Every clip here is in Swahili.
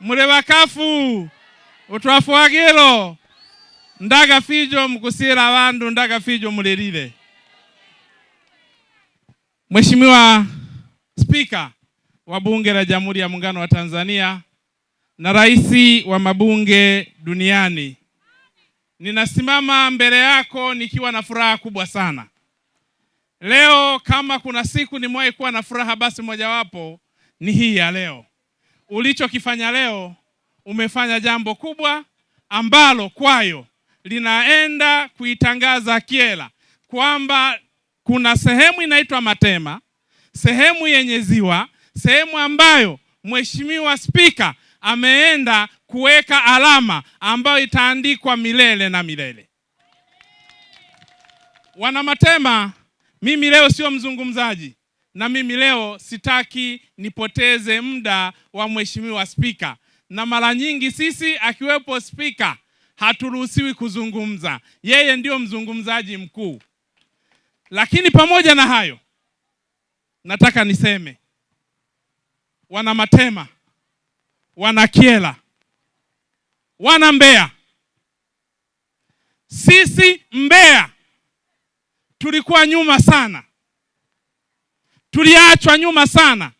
muri wakafu utwafuagilo ndaga fijo mkusira wandu ndaga fijo mulilile. Mheshimiwa Spika wa Bunge la Jamhuri ya Muungano wa Tanzania na rais wa mabunge duniani, ninasimama mbele yako nikiwa na furaha kubwa sana leo. Kama kuna siku nimewahi kuwa na furaha, basi mojawapo ni hii ya leo ulichokifanya leo, umefanya jambo kubwa ambalo kwayo linaenda kuitangaza Kyela kwamba kuna sehemu inaitwa Matema, sehemu yenye ziwa, sehemu ambayo Mheshimiwa Spika ameenda kuweka alama ambayo itaandikwa milele na milele. Wana Matema, mimi leo sio mzungumzaji, na mimi leo sitaki nipoteze muda wa mheshimiwa spika, na mara nyingi sisi akiwepo spika haturuhusiwi kuzungumza, yeye ndiyo mzungumzaji mkuu. Lakini pamoja na hayo, nataka niseme wana Matema, wana kiela wana Mbeya, sisi Mbeya tulikuwa nyuma sana tuliachwa nyuma sana.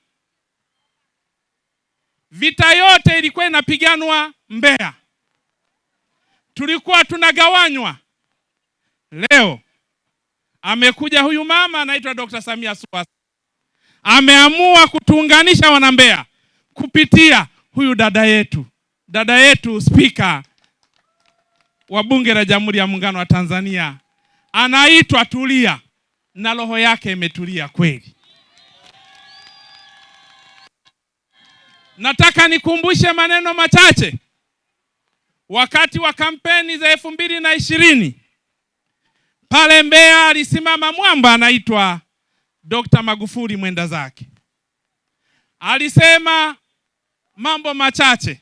Vita yote ilikuwa inapiganwa Mbeya, tulikuwa tunagawanywa. Leo amekuja huyu mama anaitwa Dr. Samia Suluhu Hassan, ameamua kutuunganisha wana Mbeya kupitia huyu dada yetu, dada yetu Spika wa Bunge la Jamhuri ya Muungano wa Tanzania, anaitwa Tulia na roho yake imetulia kweli. Nataka nikumbushe maneno machache. Wakati wa kampeni za elfu mbili na ishirini pale Mbeya alisimama mwamba anaitwa Dr. Magufuli mwenda zake, alisema mambo machache,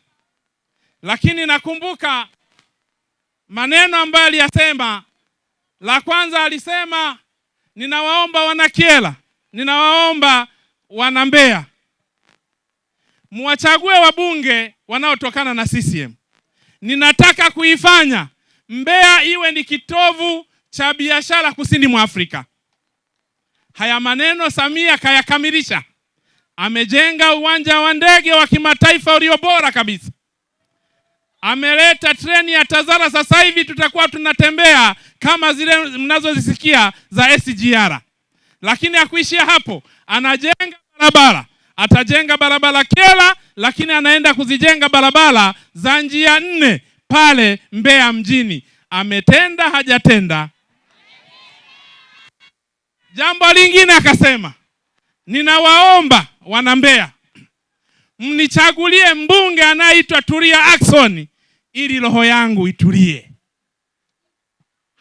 lakini nakumbuka maneno ambayo aliyasema. La kwanza alisema, ninawaomba wana ninawaomba wana Mbeya mwachague wabunge wanaotokana na CCM. Ninataka kuifanya Mbeya iwe ni kitovu cha biashara kusini mwa Afrika. Haya maneno Samia kayakamilisha. Amejenga uwanja wa ndege wa kimataifa ulio bora kabisa. Ameleta treni ya Tazara, sasa hivi tutakuwa tunatembea kama zile mnazozisikia za SGR. Lakini hakuishia hapo, anajenga barabara atajenga barabara Kyela, lakini anaenda kuzijenga barabara za njia nne pale Mbeya mjini. Ametenda hajatenda? Jambo lingine akasema, ninawaomba wana Mbeya mnichagulie mbunge anayeitwa Tulia Ackson ili roho yangu itulie.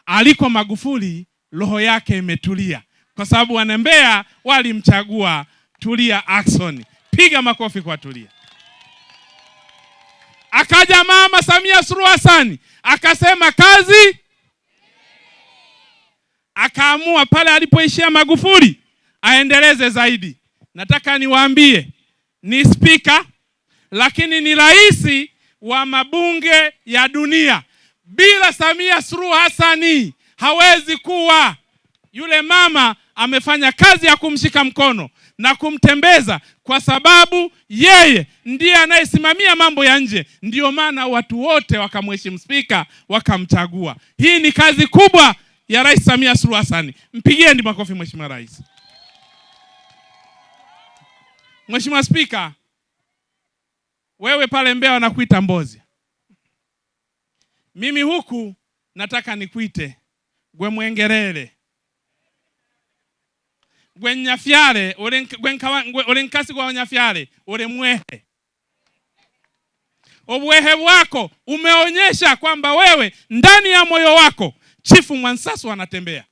Aliko Magufuli roho yake imetulia kwa sababu wana Mbeya walimchagua Tulia Ackson, piga makofi kwa Tulia. Akaja mama Samia Suluhu Hassan akasema kazi, akaamua pale alipoishia Magufuli aendeleze zaidi. Nataka niwaambie ni spika lakini ni rais wa mabunge ya dunia. Bila Samia Suluhu Hassan hawezi kuwa yule mama amefanya kazi ya kumshika mkono na kumtembeza, kwa sababu yeye ndiye anayesimamia mambo ya nje. Ndiyo maana watu wote wakamheshimu spika, wakamchagua. Hii ni kazi kubwa ya Rais Samia Suluhu Hassan. Mpigieni makofi Mheshimiwa Rais. Mheshimiwa Spika, wewe pale Mbeya wanakuita mbozi, mimi huku nataka nikuite gwemwengerere gwenyafyale olenkasi gwa wanyafyale ole mwehe. bwako wako umeonyesha kwamba wewe ndani ya moyo wako Chifu Mwansasu anatembea.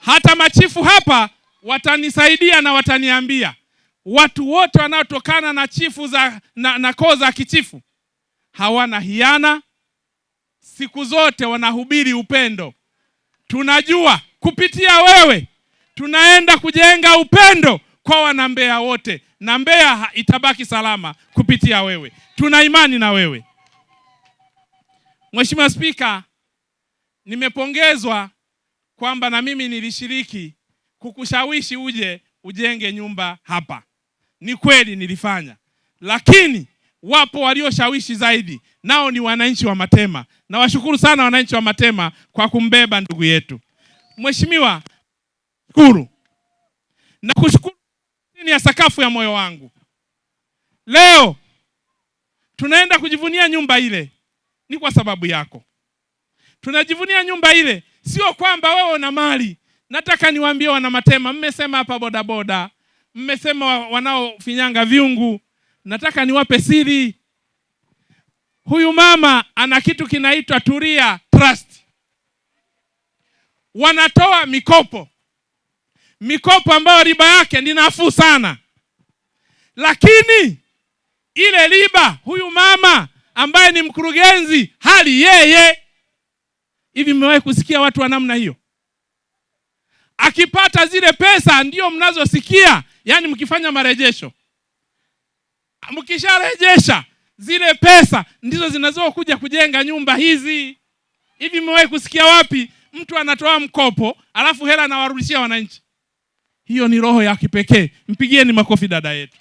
Hata machifu hapa watanisaidia na wataniambia watu wote wanaotokana na chifu za, na, na koo za kichifu hawana hiana, siku zote wanahubiri upendo. Tunajua kupitia wewe tunaenda kujenga upendo kwa wanambeya wote, na Mbeya itabaki salama kupitia wewe. Tuna imani na wewe Mheshimiwa Spika. Nimepongezwa kwamba na mimi nilishiriki kukushawishi uje ujenge nyumba hapa. Ni kweli nilifanya, lakini wapo walioshawishi zaidi, nao ni wananchi wa Matema. Nawashukuru sana wananchi wa Matema kwa kumbeba ndugu yetu Mheshimiwa kushukuru na kushukuru chini ya sakafu ya moyo wangu. Leo tunaenda kujivunia nyumba ile, ni kwa sababu yako. Tunajivunia nyumba ile, sio kwamba wewe una mali. Nataka niwaambie wana Matema, mmesema hapa bodaboda, mmesema wanaofinyanga vyungu, nataka niwape siri. Huyu mama ana kitu kinaitwa Turia Trust, wanatoa mikopo mikopo ambayo riba yake ni nafuu sana, lakini ile riba huyu mama ambaye ni mkurugenzi hali yeye. Hivi mmewahi kusikia watu wa namna hiyo? Akipata zile pesa ndio mnazosikia, yaani mkifanya marejesho, mkisharejesha zile pesa ndizo zinazokuja kujenga nyumba hizi. Hivi mmewahi kusikia wapi mtu anatoa mkopo alafu hela anawarudishia wananchi? Hiyo ni roho ya kipekee. Mpigieni makofi dada yetu.